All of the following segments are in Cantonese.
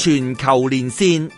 全球連線，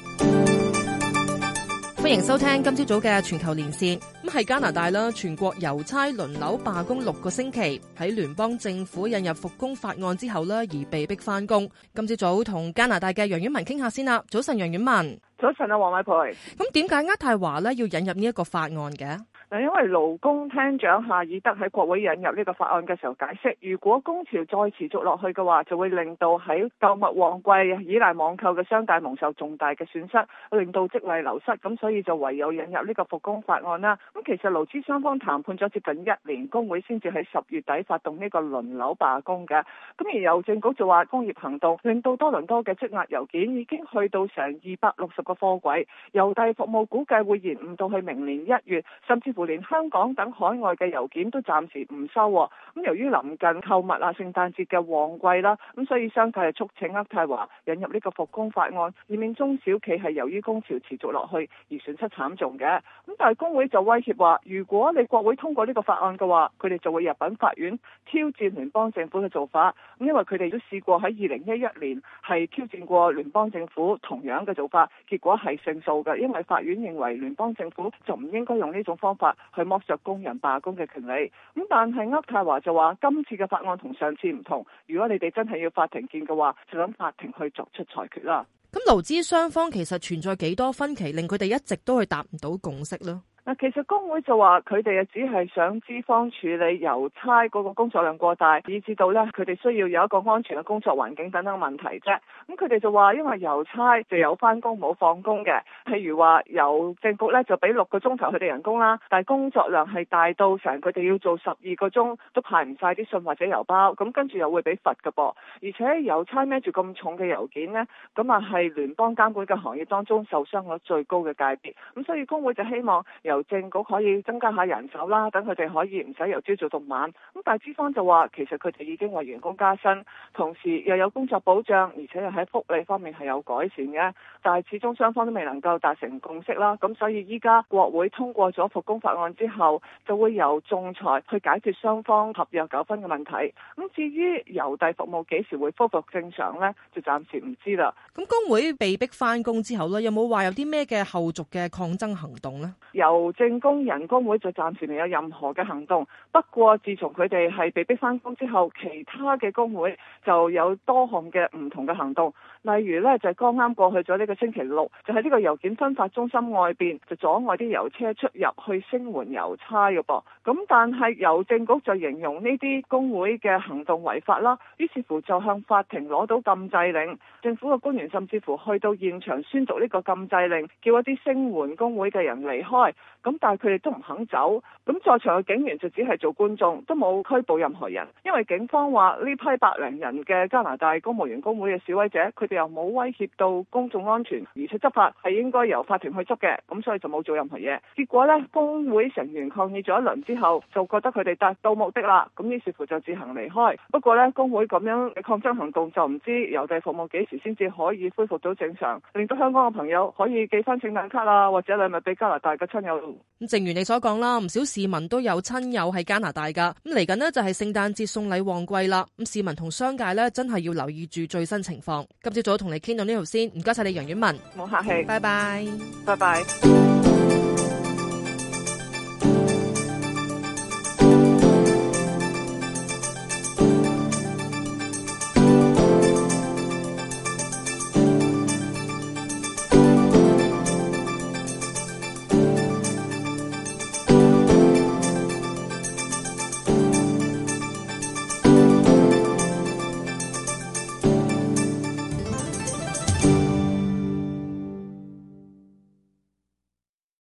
歡迎收聽今朝早嘅全球連線。咁係加拿大啦，全國郵差輪流罷工六個星期，喺聯邦政府引入復工法案之後呢，而被逼翻工。今朝早同加拿大嘅楊婉文傾下先啦。早晨，楊婉文。早晨啊，黃偉培。咁點解渥太華咧，要引入呢一個法案嘅？嗱，因為勞工廳長夏爾德喺國會引入呢個法案嘅時候解釋，如果工潮再持續落去嘅話，就會令到喺購物旺季依賴網購嘅商界蒙受重大嘅損失，令到職位流失，咁所以就唯有引入呢個復工法案啦。咁其實勞資雙方談判咗接近一年，工會先至喺十月底發動呢個輪流罷工嘅。咁而郵政局就話工業行動令到多倫多嘅積壓郵件已經去到成二百六十個貨櫃郵遞服務估計會延誤到去明年一月，甚至乎。連香港等海外嘅郵件都暫時唔收喎、哦。咁由於臨近購物啊聖誕節嘅旺季啦，咁所以商界係促請渥太華引入呢個復工法案，以免中小企係由於工潮持續落去而損失慘重嘅。咁但係工會就威脅話，如果你國會通過呢個法案嘅話，佢哋就會入禀法院挑戰聯邦政府嘅做法。咁因為佢哋都試過喺二零一一年係挑戰過聯邦政府同樣嘅做法，結果係勝訴嘅，因為法院認為聯邦政府就唔應該用呢種方法。去剝削工人罷工嘅權利，咁但係渥太華就話今次嘅法案同上次唔同，如果你哋真係要法庭見嘅話，就等法庭去作出裁決啦。咁勞資雙方其實存在幾多分歧，令佢哋一直都係達唔到共識呢？其實工會就話佢哋啊，只係想資方處理郵差嗰個工作量過大，以致到呢，佢哋需要有一個安全嘅工作環境等等問題啫。咁佢哋就話，因為郵差就有翻工冇放工嘅，譬如話郵政局呢，就俾六個鐘頭佢哋人工啦，但係工作量係大到成佢哋要做十二個鐘都排唔晒啲信或者郵包，咁跟住又會俾罰噶噃。而且郵差孭住咁重嘅郵件呢，咁啊係聯邦監管嘅行業當中受傷率最高嘅界別。咁所以工會就希望郵政局可以增加下人手啦，等佢哋可以唔使由朝做到晚。咁，但係資方就話，其實佢哋已經為員工加薪，同時又有工作保障，而且又喺福利方面係有改善嘅。但係始終雙方都未能夠達成共識啦。咁所以依家國會通過咗復工法案之後，就會由仲裁去解決雙方合約糾紛嘅問題。咁至於郵遞服務幾時會恢復正常咧，就暫時唔知啦。咁工會被逼翻工之後咧，有冇話有啲咩嘅後續嘅抗爭行動咧？有。郵政工人工會就暫時未有任何嘅行動。不過，自從佢哋係被逼返工之後，其他嘅工會就有多項嘅唔同嘅行動。例如呢，就係剛啱過去咗呢個星期六，就喺、是、呢個郵件分發中心外邊就阻礙啲郵車出入，去聲援郵差嘅噃。咁但係郵政局就形容呢啲工會嘅行動違法啦，於是乎就向法庭攞到禁制令。政府嘅官員甚至乎去到現場宣讀呢個禁制令，叫一啲聲援工會嘅人離開。咁但係佢哋都唔肯走，咁在場嘅警員就只係做觀眾，都冇拘捕任何人，因為警方話呢批百零人嘅加拿大公務員工會嘅示威者，佢哋又冇威脅到公眾安全，而且執法係應該由法庭去執嘅，咁所以就冇做任何嘢。結果呢，工會成員抗議咗一輪之後，就覺得佢哋達到目的啦，咁於是乎就自行離開。不過呢，工會咁樣嘅抗爭行動就唔知郵遞服務幾時先至可以恢復到正常，令到香港嘅朋友可以寄翻聖誕卡啦，或者禮物俾加拿大嘅親友。咁正如你所講啦，唔少市民都有親友喺加拿大㗎，咁嚟緊呢就係聖誕節送禮旺季啦。咁市民同商界咧真係要留意住最新情況。今朝早同你傾到呢度先，唔該晒你楊婉文，冇客氣，拜拜 bye，拜拜。